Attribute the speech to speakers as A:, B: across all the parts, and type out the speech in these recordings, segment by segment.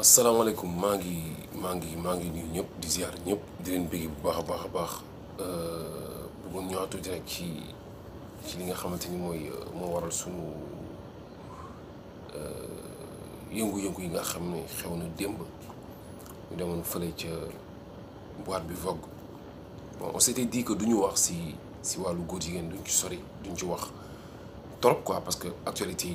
A: asalaamaaleykum alaikum, mangi, mangi, mangi, di ziar ñëpp di leen bëgg bu baax a baax a euh, ci ci li nga xamante ni mooy euh, moo waral sunu yëngu-yëngu nga Vogue bon on s'était dit que duñu wax si si wàllu ci sori ci trop quoi parce que actualité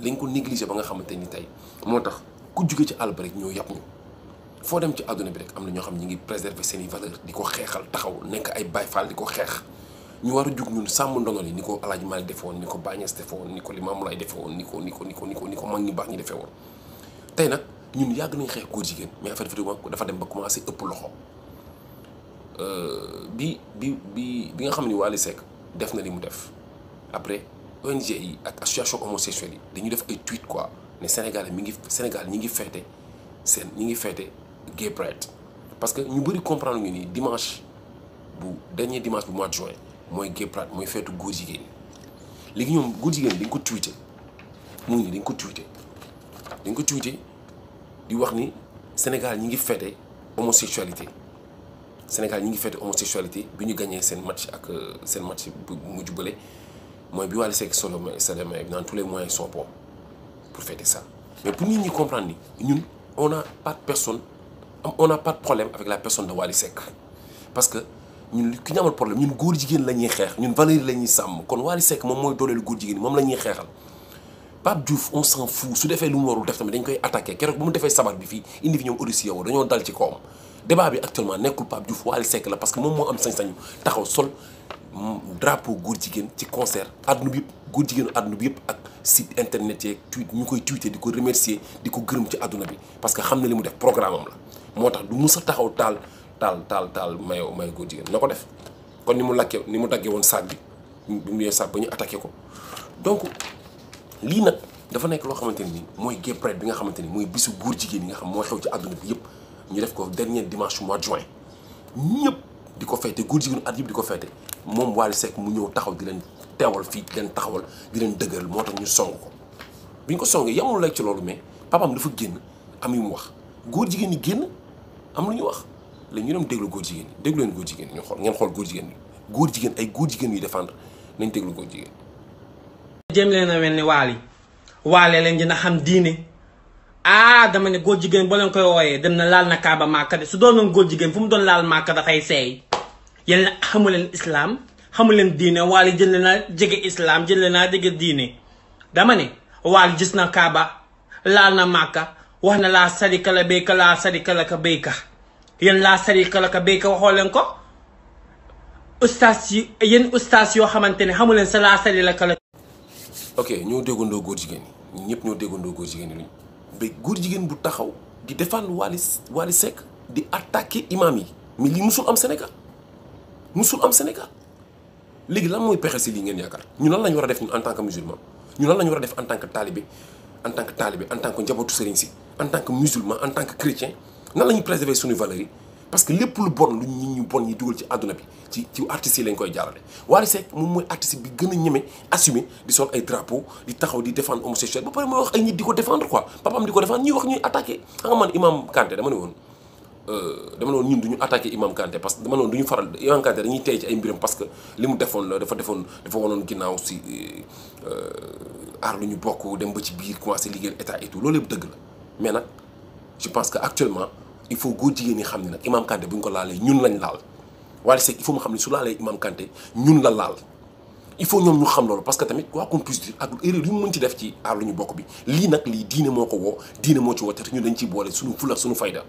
A: lañ ko négligé ba nga xamante ni tey moo tax ku jóge ci àll rek ñoo yàpp ñu foo dem ci àdduna bi rek am na ñoo xam ñi ngi préserver seen i valeur di ko xeexal taxaw nekk ay Baay Faal di ko xeex ñu war a jug ñun sàmm ndongo li ni ko Alaaji Maalik defe woon ko Baay Ñas defe woon ni ko Limaamu Laay defe woon ni ko ni ko ni ko ni ko ni ko mag ñi defe woon tey nag ñun yàgg nañ xeex koo jigéen mais affaire bi dafa dem ba commencé ëpp loxo euh, bi bi bi bi nga xam ni Wally Seck def na li mu def après ONG yi ak association homosexuelle yi dañuy def ay tweets quoi Le Sénégal mi ngi Sénégal ñi ngi feete seen ñi ngi feete gay pride parce que ñu bëri comprendre ñu ni dimanche bu dernier dimanche du mois de juin mooy gay pride mooy feetu góor jigéen Les gens ñoom góor jigéen ko tweeté mu ngi dañ ko tweeté dañ ko tweeté di wax ni Sénégal ñi ngi feete homosexualité Sénégal ñi ngi feete homosexualité bi ñu gagné ce match ak seen match bu mujj bële moi bi allé à tous les moyens sont bons pour faire ça mais pour nous comprendre nous on n'a pas de personne on n'a pas de problème avec la personne de Wally parce que nous avons un problème nous avons jigéen la nous ñun valeur nous avons kon Wally avons Pape on s'en fout Si on lu mu def tamit dañ koy attaqué keroog bu mu defee sabar bi indi débat bi actuellement du Pape Diouf Wally parce que Hmm, drapeau góor jigen ci concert adnu bi yëpp jigen adnu bi ak site internet ye tweet ñu koy tweeté diko remercier diko ko gërëm ci aduna bi parce que xamna limu def programme am la motax du mus taxaw tal tal tal tal mayo mayo góor jigen nako def kon ni mu laké ni mu daggé won saag bi bi mu yee saag ba ñu attaqué ko donc li nak dafa nek lo xamanteni ni mooy Gay Pride bi nga xamanteni moy bisu góor jigen yi nga xam mo xew ci aduna bi yëpp ñu def ko dernier dimanche mois de juin ñepp di ko feete góor jigéenu at yëpp di ko feete moom Wally Seck mu ñëw taxaw di leen teewal fii di taxawal di leen dëgëral moo tax ñu song ko bi ñu ko songee yamul lekk ci loolu mais papaam dafa génn am yu mu wax góor jigéen ñi génn am lu ñu wax léegi ñu dem déglu góor jigéen ñi déglu leen góor jigéen ñi ñu xool ngeen xool góor jigéen ñi góor jigéen ay góor jigéen yuy défendre nañ déglu góor jigéen jëm leen a mel ni Wally Wally leen dina xam diine ah dama ne góor jigéen boo leen koy wooyee dem na laal na kaaba màkka de su doonoon góor jigéen fu mu doon laal màkka dafay seey yéen a xamu leen islam xamu leen diine waali jël naa jege islaam jël naa jege diine dama ne waali gis na Kaaba laal na Màkka wax na laa sarika la béyka laa sarika la ka béyka yéen laa sarika la ka béyka waxoo leen ko ustaas yi yéen yoo xamante ne xamu leen sa laa sarika la ka la. ok ñoo déggandoo góor jigéen ñi ñun ñëpp ñoo déggandoo góor jigéen ñi ba góor jigéen bu taxaw di défendre Wally Wally Seck di attaquer imam yi mais li musul am Sénégal. musul am Sénégal léegi lan mooy pexe si lii ngeen yaakaar ñu lan la ñu war a def ñun en tant que musulman ñu lan la ñu war a def en tant que talibé en tant que talibé en tant que njabootu sëriñ si en tant que musulman en tant que chrétien nan la préserver suñu valeurs parce que lépp lu bon lu nit ñu bon yi dugal ci àdduna bi ci ci artistes yi lañ koy jaarale Wally Seck moom mooy artiste bi gën a ñeme assumer di sol ay drapeau di taxaw di défendre homosexuel ba pare mooy wax ay nit di défendre quoi papaam di ko défendre ñuy wax ñuy attaquer. xam nga man imam Kanté dama ne woon Euh, dama noonu ñun du ñu attaqué Imam Kanté parce que dama noonu du ñu faral Imam Kanté dañuy tey ci ay mbiram parce que li mu defoon la dafa defoon dafa wanoon ginnaaw si euh, aar lu ñu bokk dem ba ci biir commencé liggéeyal état et tout loolu yëpp dëgg la mais je pense que actuellement il faut góor jigéen ñi xam ne nag Imam Kanté ko laalee ñun lañ laal Wally Seck xam ne su laalee Imam Kanté ñun la laal il faut ñoom ñu xam loolu parce que tamit quoi qu'on ci def ci aar ñu bokk bi lii nag lii diine moo ko woo diine moo ci woo te ñu dañ su boole suñu fula suñu fayda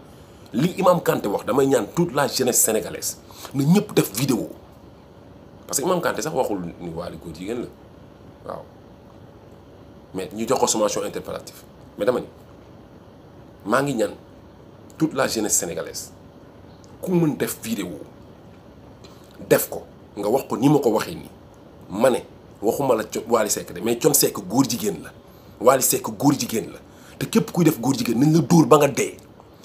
A: li Imam Kanté wax damay ñaan toute la jeunesse sénégalaise na ñëpp def vidéo parce que Imam Kanté sax waxul ni Wally góor jigéen la waaw mais ñu jox ko sommation interpellative mais dama ni maa ngi ñaan toute la jeunesse sénégalaise ku mën def vidéo def ko nga wax ko ni ma ko waxee nii ma ne waxuma la Wally Seck de mais Thione Seck góor jigéen la Wally Seck góor jigéen la te képp kuy def góor jigéen nañ la dóor ba nga dee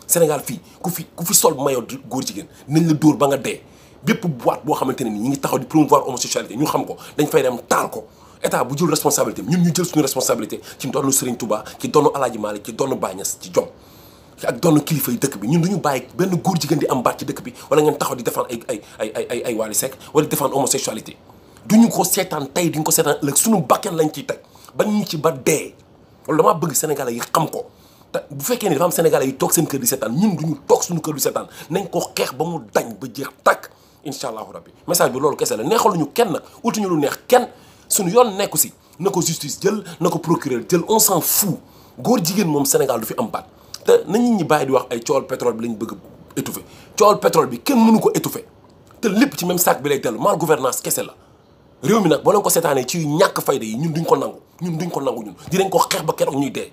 A: Sénégal fii ku fi ku fi sol maillot góor jigéen nañ la dóor ba nga dee bépp boîte boo xamante ne ni ñi ngi taxaw di promouvoir homosexualité ñu xam ko dañ fay dem taal ko état bu jël responsabilité ñun ñu jël suñu responsabilité ci doonu Serigne Touba ci doonu Alaaji Maalik ci doonu Bañas ci jom ak doonu kilifa yi dëkk bi ñun ñu bàyyi benn góor jigéen di am baat ci dëkk bi wala ngeen taxaw di défendre ay ay ay ay ay ay Wally Seck wala défendre homosexualité duñu ko seetaan tey duñu ko seetaan ëllëg suñu bakkan lañ ciy teg bañ ñu ci ba dee loolu damaa bëgg Sénégalais yi xam ko bu fekkee ne dafa am sénégalais yi toog seen kër di seetaan ñun du ñu toog suñu kër di seetaan nañ ko xeex ba mu dañ ba jeex tàkk incha allahu rabbi message bi loolu kese la neexaluñu kenn nag ultiñu lu neex kenn suñu yoon nekku si na ko justice jël na ko procureur jël on s'en fou góor jigéen moom Sénégal du fi am baat te nañ ñi bàyyi di wax ay coowal pétrole bi lañ bëgg a étouffer coowal pétrole bi kenn mënu ko étouffer te lépp ci même sac bi lay dellu mal gouvernance kese la réew mi nag boo leen ko seetaanee ci ñàkk fayda yi ñun duñ ko nangu ñun duñ ko nangu ñun dinañ ko xeex ba keroog ñuy dee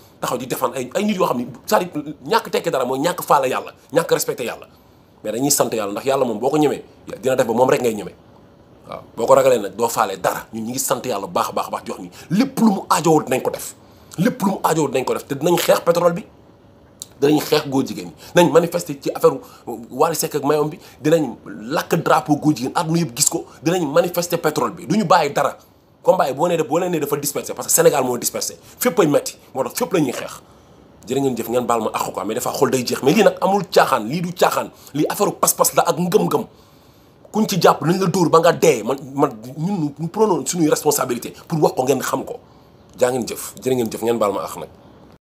A: taxaw di défendre ay ay nit yoo xam ne c'est-à-dire ñàkk tekkee dara mooy ñàkk faale yàlla ñàkk respecté yàlla mais dañuy sant yàlla ndax yàlla moom boo ko ñemee dina def ba moom rek ngay ñemee waaw boo ko ragalee nag doo faale dara ñu ñi ngi sant yàlla baax baax baax jox ni lépp lu mu aajowul dinañ ko def lépp lu mu ko def te dinañ xeex petrole bi dinañ xeex góor jigéen ñi dinañ manifester ci affaire Wally Seck ak mayom bi dinañ lakk drapeau goo jigéen àdduna yëpp gis ko dinañ manifester pétrole bi duñu bàyyi dara combat yi boo nee boo leen nee dafa dispersé parce que Sénégal moo dispersé fépp añ metti moo tax fépp la xeex jërë ngeen jëf ngeen baal ma àqu quoi mais dafa xol day jeex mais lii nag amul caaxaan lii du caaxaan lii affaire pas-pas la ak ngëm-ngëm kuñ ci jàpp nañ la dóor ba nga dee man man ñun ñu prenons suñuy responsabilité pour wax ko ngeen xam ko jaa ngeen jëf jërë ngeen jëf ngeen baal ma àq nag